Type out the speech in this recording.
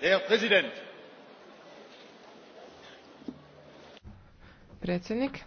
Herr Präsident! Predsjednik.